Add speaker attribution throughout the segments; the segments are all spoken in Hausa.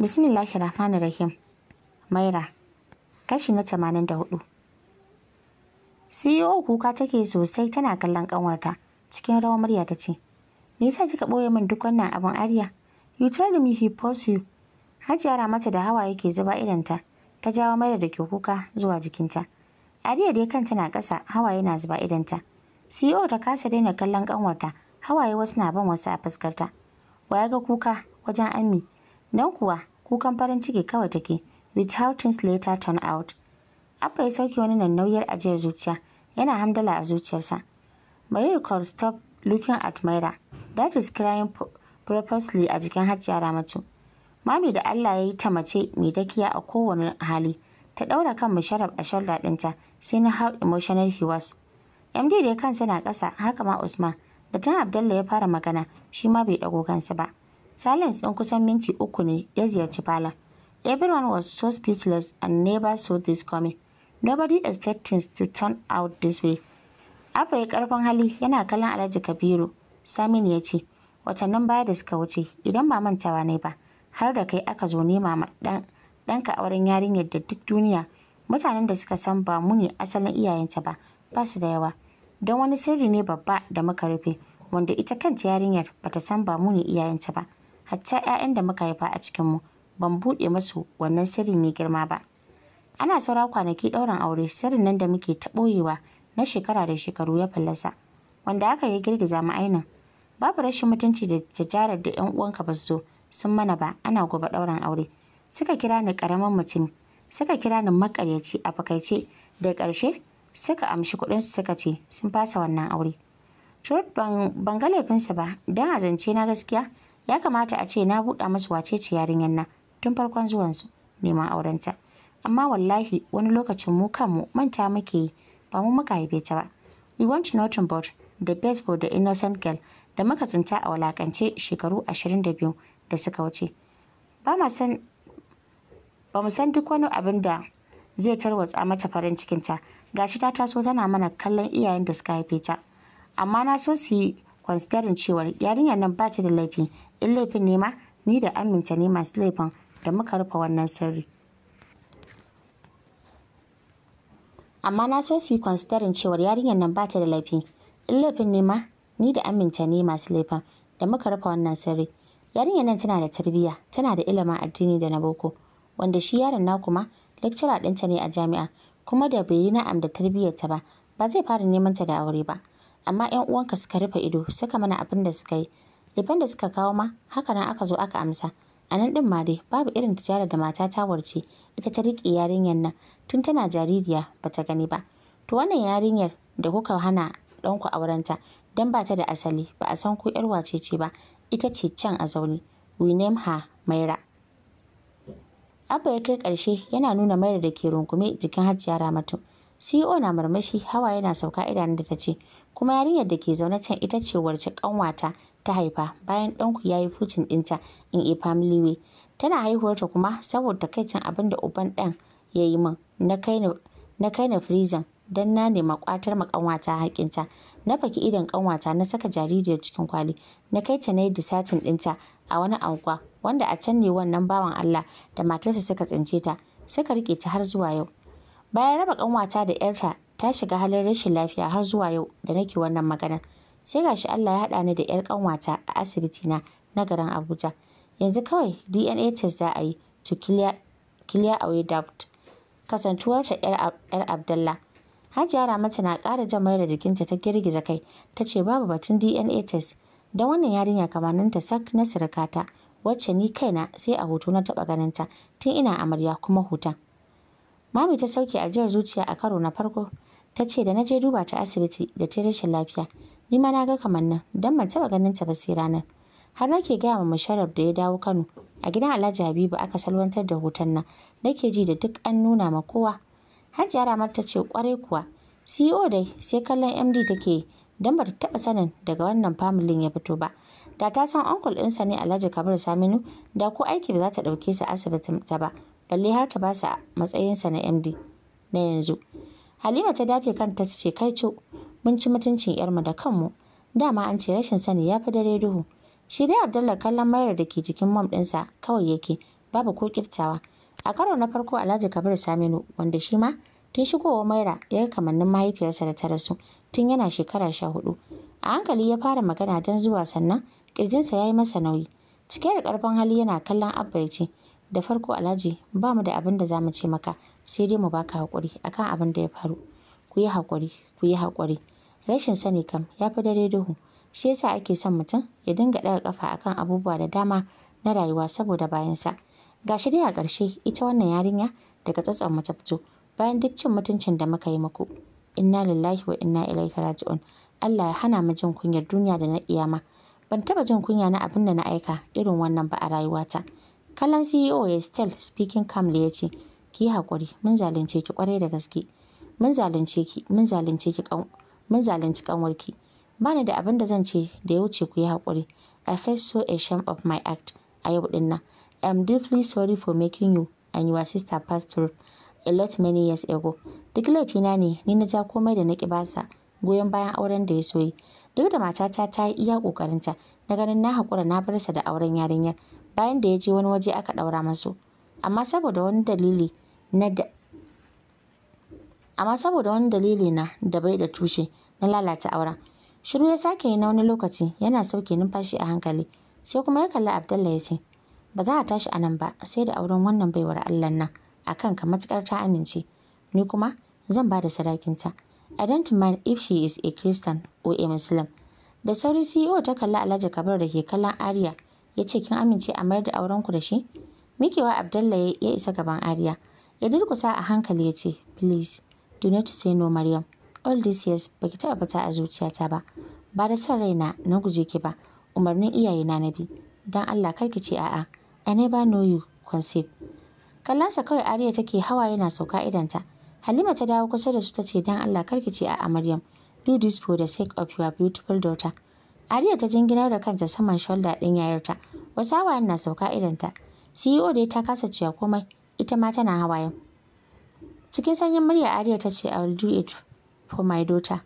Speaker 1: Bismillahi Rahmanu Rahim. Maira. Kashi na tamanin da 84. CEO kuka take sosai tana kallon kanwarta cikin rawar murya ta ce, "Me yasa kika boye min duk wannan abin ariya? You tell me he pulls you." Hajara mata da hawa yake zuba idanta, ta jawo Maira da ke kuka zuwa jikinta. Arya dai kanta na kasa, hawa yana zuba ta CEO ta kasa daina kallon kanwarta, hawaye wasu na ban wasu a fuskarta. Waya ga kuka wajen Ami. Nan kuwa kukan farin ciki kawai take with how things later turn out abba ya sauke wani nauyar ajiyar zuciya yana hamdala a zuciyarsa Maria called stop looking at Myra that is crying purposely a jikin Hajiya Ramatu mami da Allah ya yi ta mace mai dakiya a kowane hali ta ɗaura kan musharraf a shoulder ɗinta sai na how emotional he was MD da ya kansa na ƙasa haka ma Usman da tun Abdullahi ya fara magana shi ma bai ɗago kansa ba Silence ɗin kusan minti uku ne ya ziyarci falon. Everyone was so speechless and never saw this coming. Nobody things to turn out this way. Abba ya karfin hali yana kallon Alhaji Kabiru. Samin ya ce, watannin baya da suka wuce idan ba mantawa ne ba har da kai aka zo nema dan ɗanka auren yarinyar da duk duniya mutanen da suka san ba mu ne asalin iyayenta ba ba su da yawa don wani sirri ne babba da muka rufe wanda ita kanta yarinyar bata san ba mu ne iyayenta ba hatta 'ya'yan da muka haifa a cikinmu ban buɗe masu wannan sirri mai girma ba. Ana saura kwanaki ɗaurin aure sirrin nan da muke ta ɓoyewa na shekara da shekaru ya fallasa, wanda aka yi girgiza mu ainin. Babu rashin mutunci da jajarar da 'yan uwanka ba su zo sun mana ba ana gobe ɗaurin aure. Suka kira ni ƙaramin mutum, suka kira ni maƙaryaci a fakaice da ƙarshe suka amshi kuɗin su suka ce sun fasa wannan aure. Turut ban ga laifinsa ba, don a zance na gaskiya ya kamata a ce na buɗa musu wacece yarinyar nan tun farkon zuwansu neman aurenta amma wallahi wani lokacin mu kanmu manta muke yi ba mu muka haife ta ba we want nothing but the best for the innocent girl da muka tsinta a walakance shekaru ashirin da suka wuce ba ma san ba mu san duk wani abin da zai tarwatsa mata farin cikinta gashi ta taso tana mana kallon iyayen da suka haife ta amma na so su yi considering cewar yarinyar nan ba ta da laifi in laifin ne ma ni da aminta ne masu laifin da muka rufe wannan sirri amma na so su yi considering cewar yarinyar nan ba ta da laifi in laifin ne ma ni da aminta ne masu laifin da muka rufe wannan sirri yarinyar nan tana da tarbiyya tana da ilimin addini da na boko wanda shi yaron na kuma lecturer ɗinta ne a jami'a kuma da bai yi na'am da tarbiyyarta ba ba zai fara neman ta da aure ba amma 'yan uwanka suka rufe ido suka mana abin da suka yi liban da suka kawo ma haka nan aka zo aka amsa a nan ɗin ma dai babu irin tijara da mata ta warce ita ta riƙe yarinyar nan tun tana jaririya ba ta gani ba to wannan yarinyar da kuka hana ɗanku aurenta don ba ta da asali ba a san ko 'yar wace ce ba ita ce can a zaune we name her maira abba ya kai ƙarshe yana nuna maira da ke rungume jikin hajjiya ramatu CEO na murmushi hawa yana sauka idanun da ta ce kuma yarinyar da ke zaune can ita ce warce kanwata ta haifa bayan ɗanku ya yi fucin ɗinta in a family way tana haihuwarta kuma saboda kaicin abin da uban ɗan ya yi min na kai na firizan don na nema kwatar ma kanwata hakinta na faki idan kanwata na saka jaririyar cikin kwali na kai ta na yi disatin ɗinta a wani anguwa wanda a can ne wannan bawan Allah da matarsa suka tsince ta suka rike ta har zuwa yau Bayan raba kanwata da 'yarta ta shiga halin rashin lafiya har zuwa yau da nake wannan magana Sai gashi Allah ya haɗa ni da 'yar kanwata a asibiti na na garin Abuja. Yanzu kawai DNA test za a yi to clear, clear away doubt. Kasantuwarta 'yar abdullah Hajiya Ramatu na ƙara jan mayar da jikinta ta girgiza kai tace babu batun DNA test don wannan yarinya kamaninta sak na sirkata wacce ni kaina sai a hoto na taɓa ganinta tun ina amarya kuma hoton. Mami ta sauke ajiyar zuciya a karo na farko. Ta ce da na je duba ta asibiti da ta rashin lafiya. Ni ma na ga kamar nan dan ban taɓa ganin ta ba sai ranar. Har nake gaya ma Musharraf da ya dawo Kano. A gidan Alhaji Habibu aka salwantar da hoton nan. Nake ji da duk an nuna ma kowa. Hajiya Ramar ta ce kwarai kuwa. CEO dai sai kallon MD take don ba ta taɓa sanin daga wannan familin ya fito ba. Da ta san uncle ɗinsa ne Alhaji Kabir Saminu da ko aiki ba za ta ɗauke su asibitin ta ba. balle har ta ba sa matsayinsa na md na yanzu halima ta dafe kanta ta ce kai co mun ci mutuncin yarmu da kanmu dama an ce rashin sani ya fi dare duhu shi dai abdallah kallon mayar da ke jikin mom ɗinsa kawai yake babu ko kiftawa a karo na farko alhaji kabir saminu wanda shi ma tun shigowa maira ya yi kamannin mahaifiyarsa da ta rasu tun yana shekara sha hudu a hankali ya fara magana don zuwa sannan kirjinsa ya yi masa nauyi cike da ƙarfin hali yana kallon abba ya ce da farko alhaji ba mu da abin da za mu ce maka sai dai mu baka hakuri akan abin da ya faru ku yi haƙuri ku yi haƙuri rashin sani kam ya fi dare duhu shi yasa ake son mutum ya dinga ɗaga kafa akan abubuwa da dama na rayuwa saboda bayansa ga shi dai a ƙarshe ita wannan yarinya daga tsatson mu ta fito bayan duk cin mutuncin da muka yi muku inna lillahi wa inna ilaihi raji'un Allah ya hana mu jin kunyar duniya da na kiyama ban taba jin kunya na abin da na aika irin wannan ba a rayuwata kallon ceo ya still speaking calmly ya ce ki haƙuri mun zalunce ki kwarai da gaske mun zalunce ki mun zalunce ki mun zalunci kanwarki ba ni da abin da zan ce da ya wuce ku yi hakuri i feel so ashamed of my act a yau din nan i am deeply sorry for making you and your sister pass through a lot many years ago duk laifina ne ni na ja komai da na ki basa goyon bayan auren da ya soyi yi duk da matata ta yi iya ƙoƙarinta na ganin na hakura na bar sa da auren yarinyar bayan da ya je wani waje aka ɗaura masu amma saboda wani dalili na da amma saboda wani dalili na da bai da tushe na lalata auren shiru ya sake yi na wani lokaci yana sauke numfashi a hankali sai kuma ya kalli abdallah ya ce ba za a tashi a nan ba sai da auren wannan baiwar allah nan a kanka matukar ta amince ni kuma zan ba da sadakinta i don't mind if she is a christian or a muslim da sauri ceo ta kalli alhaji kabar da ke kallon ariya ya ce kin amince a mayar da auren ku da shi mikewa abdalla ya isa gaban ariya ya durkusa a hankali ya ce please do not say no maryam all these years baki taɓa fita a zuciyata ba ba da son raina na guje ki ba umarnin iyaye na bi don allah kar ki ce a'a i never know you conceive kallansa kawai ariya take hawa yana sauka idanta halima ta dawo kusa da su ta ce don allah kar ki ce a'a maryam do this for the sake of your beautiful daughter Ariya ta jinginar da kanta saman shoulder ɗin yayarta. Wasu hawayen na sauka idanta. CEO dai ta kasa cewa komai, ita ma tana hawayen. Cikin sanyin murya Ariya ta ce, I will do it for my daughter.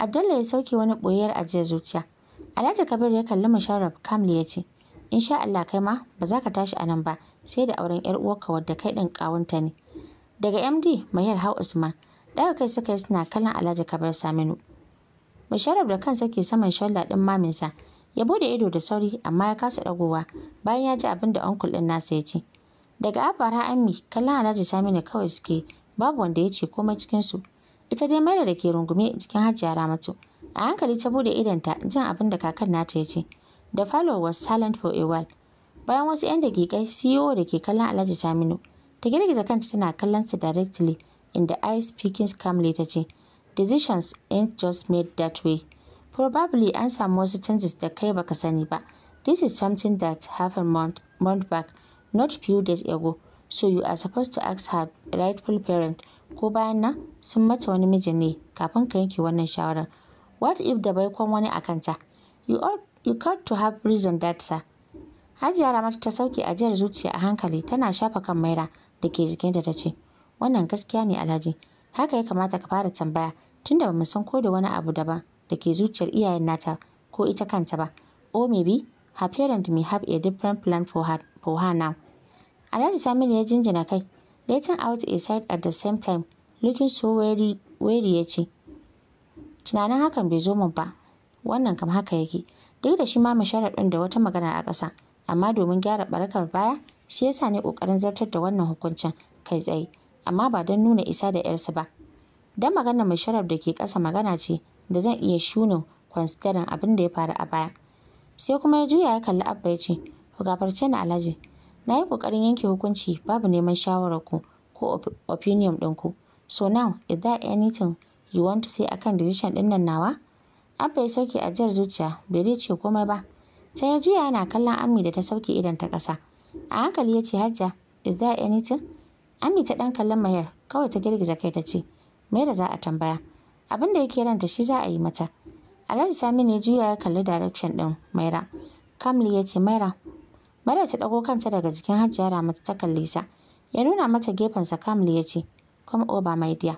Speaker 1: ya sauke wani boyar ajiyar zuciya. Alhaji Kabir ya kalli Musharraf Kamli ya ce, Insha Allah kai ma ba za ka tashi a nan ba sai da auren 'yar uwarka wadda kai din kawunta ne. Daga MD Mahir Hau Usman, ɗaga kai suka yi suna kallon Alhaji Kabir Saminu. Musharraf da kansa ke saman shalla din maminsa. Ya bude ido da sauri amma ya kasa dagowa, bayan ya ji abin da uncle ɗin nasa ya ce. Daga afara Ammi kallon Alhaji Saminu kawai suke babu wanda ya ce komai su Ita dai mai da ke rungume cikin Hajiya Ramatu. A hankali ta bude idonta jin abin da kakan nata ya ce. The follow was silent for a while. Bayan wasu 'yan dakikai CEO da ke kallon Alhaji Saminu ta girgiza kanta tana kallon sa directly in the eyes speaking calmly ta ce decisions ain't just made that way. Probably an samu wasu changes da kai baka sani ba. This is something that happened month, month back, not few days ago. So you are supposed to ask her rightful parent ko bayan nan sun mata wani miji ne kafin ka yanke wannan shawarar. What if da baikon wani a kanta? You, ought you got to have reason that sir. Hajiya Ramatu ta sauke ajiyar zuciya a hankali tana shafa kan Maira da ke jikinta ta ce, Wannan gaskiya ne Alhaji, haka ya kamata ka fara tambaya tunda bamu san ko da wani abu daban da ke zuciyar iyayen nata ko ita kanta ba or oh, maybe her parent may have a different plan for her, for her now Alhaji Saminu ya jinjina kai letting out a side at the same time looking so weary weary ya ce tunanin hakan bai zo min ba wannan kam haka yake duk da shi ma mu masharaɗin da wata magana a ƙasa amma domin gyara barakar baya shi yasa ne ƙoƙarin zartar da wannan hukuncin kai tsaye amma ba don nuna isa da 'yarsu ba don magana mai sharaf da ke ƙasa magana ce da zan iya shunin kwansitaren abin da ya faru a baya sai kuma ya juya ya kalli abba ya ce ku gafarce ni alhaji na yi ƙoƙarin yanke hukunci babu neman shawarar ku ko opinion ku. so now is there anything you want to say akan decision ɗin nan nawa abba ya sauke ajiyar zuciya bai dai ce komai ba sai ya juya yana kallon ammi da ta sauke idan ta ƙasa a hankali ya ce hajja is there anything Ami ta ɗan kallon mayar kawai ta girgiza kai ta ce, Me da za a tambaya? Abin da yake ranta shi za a yi mata. Alhaji Sami ya juya ya kalli direction ɗin Maira. Kamli ya ce Maira. Maira ta ɗago kanta daga jikin Hajiya Ramatu ta kalli sa. Ya nuna mata gefensa Kamli ya ce, Come over my dear.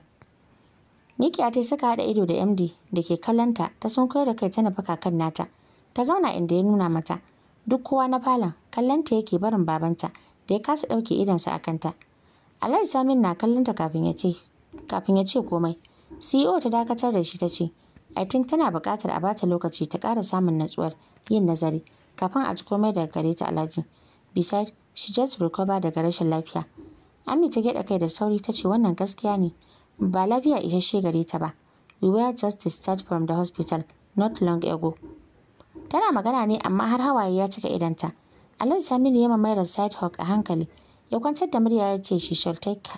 Speaker 1: Mikiya ta suka haɗa ido da MD da ke kallonta ta sun sunkuyar da kai tana faka kan nata. Ta zauna inda ya nuna mata. Duk kowa na falon kallonta yake barin babanta da ya kasa ɗauke idonsa a kanta. Alhaji Samin na kallon ta kafin ya ce kafin ya ce komai. CEO ta dakatar da shi ta ce I think tana buƙatar a bata lokaci ta ƙara samun natsuwar yin nazari kafin a ji komai daga gare ta Alhaji. Beside she just recover daga rashin lafiya. Ami ta gyaɗa kai da sauri ta ce wannan gaskiya ne ba lafiya isasshe gare ta ba. We were just discharged from the hospital not long ago. Tana magana ne amma har hawaye ya cika idanta. Alhaji Saminu ya mamayar Hock a hankali ya kwantar da murya ya ce she shall take,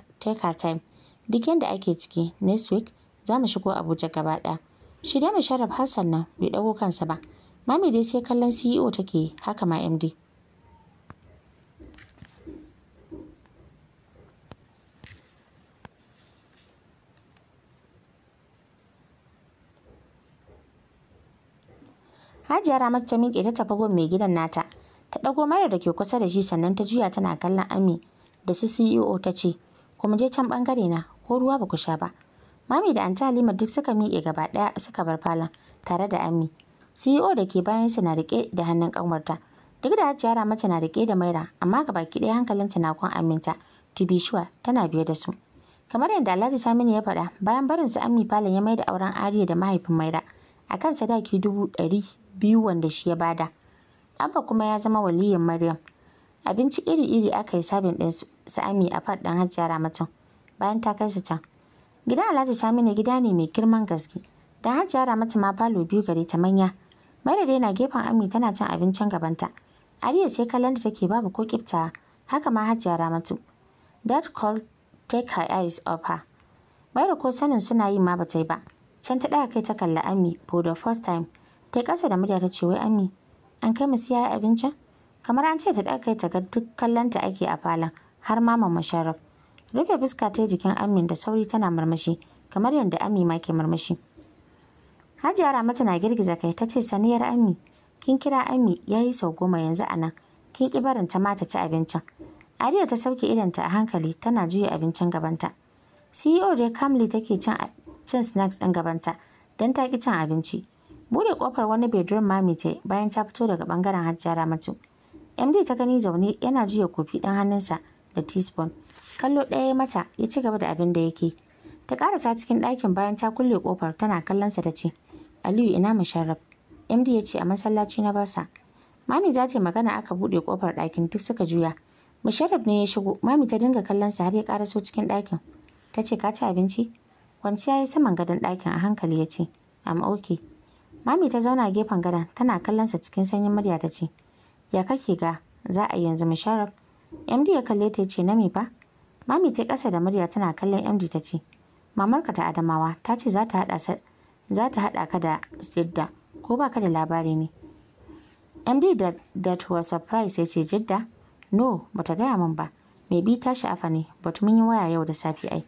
Speaker 1: time duk yadda ake ciki next week za mu shigo abuja gaba ɗaya shi da sharaf hassan nan bai ɗago kansa ba mami dai sai kallon ceo take haka ma md Hajiya Ramat ta miƙe ta tafi gun mai gidan nata. ta ɗago mara da ke kusa da shi sannan ta juya tana kallon ami da su ceo ta ce kuma je can bangare na ko ruwa ba ku sha ba mami da anta halima duk suka miƙe gaba ɗaya suka bar falon tare da ami ceo da ke bayan su na riƙe da hannun ƙanwarta duk da hajjiyara mace na riƙe da maira amma gaba ki ɗaya hankalinta na kun aminta tibishuwa tana biye da su kamar yadda alhaji saminu ya faɗa bayan barin su ami falon ya maida auren ariya da mahaifin maira akan sadaki dubu ɗari biyu wanda shi ya bada Abba kuma ya zama waliyin Maryam. Abinci iri-iri aka yi sabin ɗin su Ami a faɗin Hajiya Ramatu bayan ta kai su can. Gidan Alhaji Saminu gida ne mai girman gaske. Da Hajiya Ramatu ma falo biyu gare ta manya. Maryam dai na gefen Ami tana cin abincin gabanta. Ariya sai kallon da take babu ko kifta haka ma Hajiya Ramatu. That call take her eyes off her. Maryam ko sanin suna yi ma bata yi ba. Can ta ɗaya kai ta kalla Ami for the first time. Ta kasa da murya ta ce wai Ami an kai mu siya abincin kamar an ce ta ɗaga ta ga duk kallonta ake a falon har ma mamman sharaf rufe fuska ta jikin amin da sauri tana murmushi kamar yadda ami ma ke murmushi hajiya ramata na girgiza kai ta ce saniyar ami kin kira ami ya yi sau goma yanzu a nan kin ki barin ta mata ci abincin ariya ta sauke idanta a hankali tana juya abincin gabanta ceo dai kamli take cin cin snacks ɗin gabanta don ta ƙi cin abinci Bude kofar wani bedroom mami ta bayan ta fito daga bangaren Hajjara Ramatu. MD ta gani zaune yana jiya kofi ɗin hannunsa da teaspoon. Kallo ɗaya mata ya ci gaba da abin da yake. Ta karasa cikin ɗakin bayan ta kulle kofar tana kallonsa ta ce, Aliyu ina musharraf. MD ya ce a masallaci na basa. Mami za ta yi magana aka buɗe kofar ɗakin duk suka juya. Musharraf ne ya shigo, mami ta dinga kallonsa har ya karaso cikin ɗakin. Ta ce ka ci abinci? Kwanciya ya saman gadon ɗakin a hankali ya ce, am okay. Mami ta zauna gefen gadon tana kallon sa cikin sanyin murya ta ce, "Ya kake ga za a yanzu mu sharar MD ya kalle ta ce, "Na fa?" Mami ta kasa da murya tana kallon MD ta ce, "Mamarka ta Adamawa ta ce za ta hada za ta hada ka da Jidda ko ba ka da labari ne?" MD da that was surprise ya ce, "Jidda? No, bata gaya min ba. Me bi ta sha'afa ne, bata mun yi waya yau da safe ai."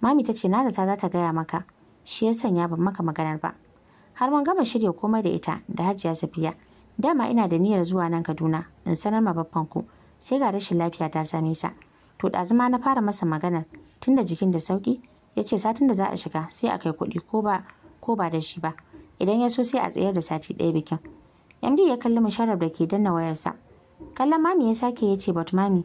Speaker 1: Mami ta ce, "Na zata za ta gaya maka." Shi ya sanya ban maka maganar ba. har mun gama shirya komai da ita da hajiya safiya dama ina da niyyar zuwa nan kaduna in sanar ma babban ku sai ga rashin lafiya ta same sa to ɗazuma na fara masa maganar tunda jikin da sauki ya ce satin da za a shiga sai a kai kuɗi ko ba ko ba da shi ba idan ya so sai a tsayar da sati ɗaya bikin md ya kalli musharraf da ke danna wayarsa kallon mami ya sake ya ce but mami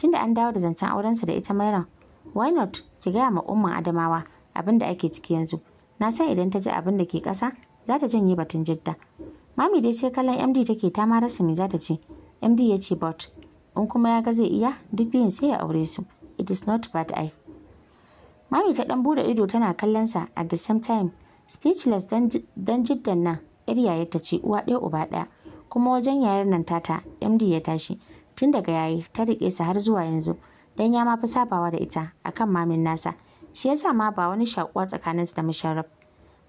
Speaker 1: tunda an dawo da zancen aurensa da ita mairan why not ki gaya ma umman adamawa abin da ake ciki yanzu na san idan ta ji abin da ke ƙasa za ta janye batun jidda mami dai sai kallon md take ta ma rasa me za ta ce md ya ce but. in kuma ya ga zai iya duk biyun sai ya aure su it is not bad i mami ta dan bude ido tana kallon sa at the same time speechless dan jiddan nan yar yayar ta ce uwa ɗaya uba ɗaya kuma wajen yayar nan tata md ya tashi tun daga yayi ta rike sa har zuwa yanzu dan ya ma fi sabawa da ita akan mamin nasa shi yasa ma ba wani shakuwa tsakaninsa da musharraf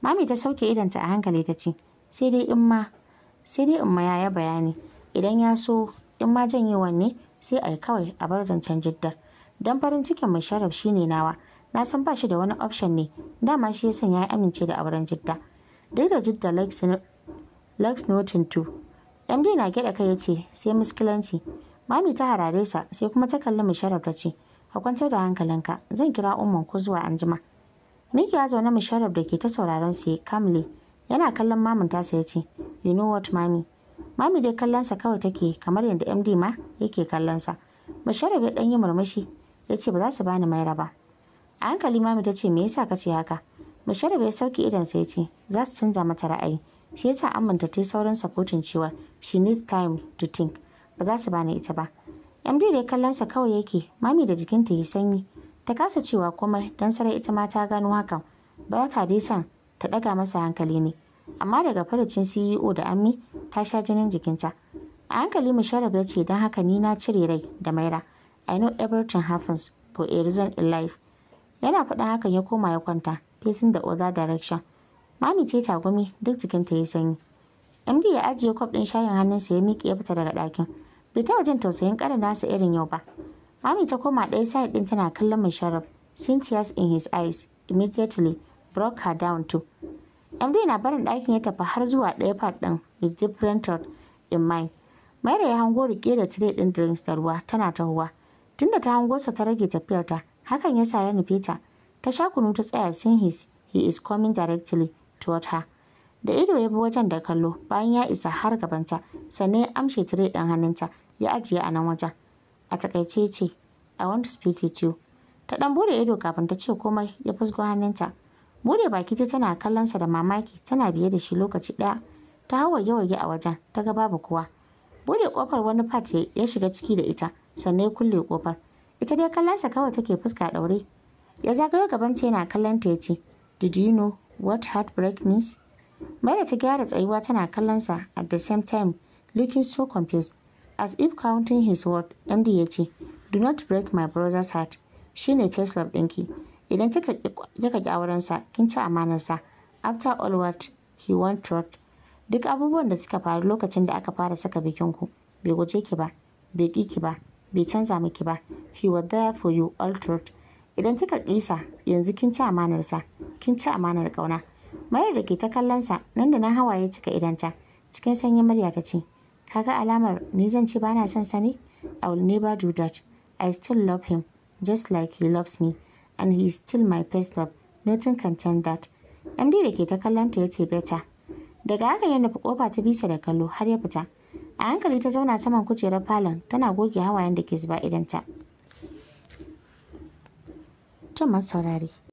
Speaker 1: Mami ta sauke idanta a hankali ta ce, sai dai in ma, sai dai in ma yi bayani, idan ya so in ma janyewan ne sai a yi kawai a bar zancen jiddar. Don farin cikin mai sharaf shi ne nawa, na san ba shi da wani option ne, dama shi ya san ya yi amince da auren jidda. Duk da jidda Lex Norton 2. MD na gyaɗa kai ya ce sai muskilanci. Mami ta harare sa sai kuma ta kalli mai sharaf ta ce, a kwantar da hankalinka zan kira umman ku zuwa anjima. Mikiya zaune Musharraf da ke ta sauraron su ya kamle yana kallon mamin sa ya ce you know what mami mami dai kallonsa kawai take kamar yadda MD ma yake kallonsa Musharraf ya dan yi murmushi ya ce ba za su bani maira ba a hankali mami ta ce me yasa ka ce haka Musharraf ya idan sa ya ce za su canza mata ra'ayi shi yasa aminta ta yi saurin sapotin cewa she needs time to think ba za su bani ita ba MD dai kallonsa kawai yake mami da jikinta ya sanyi ta kasa cewa komai don sarai ita ma ta gano hakan ba ta ta ɗaga masa hankali ne amma daga farcin ceo da ammi ta sha jinin jikinta a hankali musharraf ya ce don haka ni na cire rai da maira i know everything happens for a reason in life yana faɗin hakan ya koma ya kwanta facing the other direction mami ce ta gumi duk jikinta ya sanyi md ya ajiye kwaf ɗin shayin hannunsa ya miƙe ya fita daga ɗakin bai taɓa jin tausayin ƙara nasa irin yau ba Ami ta koma ɗaya side ɗin tana kallon mai Seeing tears in his eyes immediately broke her down too. MD na barin ɗakin ya tafi har zuwa ɗaya part ɗin with different thought in mind. Maida ya hango rike da tire ɗin drinks da ruwa tana tahowa. Tunda ta hango sa ta rage tafiyar ta hakan ya sa ya nufe ta. Ta sha kunu ta tsaya sun his he is coming directly toward her. Da ido ya bi wajen da kallo bayan ya isa har gabanta sannan ya amshe tire ɗin hannunta ya ajiye a nan wajen. a takaice ce I want to speak with you ta ɗan bude ido kafin ta ce komai ya fusgo hannunta bude baki ta tana kallonsa da mamaki tana biye da shi lokaci ɗaya. ta hawa yawage a wajen ta ga babu kowa bude kofar wani fat ya shiga ciki da ita sannan ya kulle kofar ita dai kallonsa sa kawai take fuska daure ya zagayo gaban ta yana kallon ta yace did you know what heartbreak means da ta gyara tsayuwa tana kallon sa at the same time looking so confused As if counting his word, MD ya ce, Do not break my brother's heart. Shi ne first love dinki Idan kika ƙi aurensa, kin ci amanarsa. After all what he want trot. Duk abubuwan da suka faru lokacin da aka fara saka bikin ku bai guje ki ba, bai ƙi ki ba, bai canza miki ba. He was there for you all trot. Idan kika ƙisa, yanzu kin ci amanarsa, kin ci amanar kauna Mayar da ke ta kallon sa nan da na hawaye cika idanta, cikin sanyin murya ta ce, Kaga alamar ni zan ce bana son sa ne? I will never do that. I still love him just like he loves me and he is still my first love. Nothing can change that. MD da ke ta kallonta ya ce beta. Daga haka ya nufi kofa ta bisa da kallo har ya fita. A hankali ta zauna saman kujerar falon tana goge hawayen da ke zuba idanta. To saurari saurare.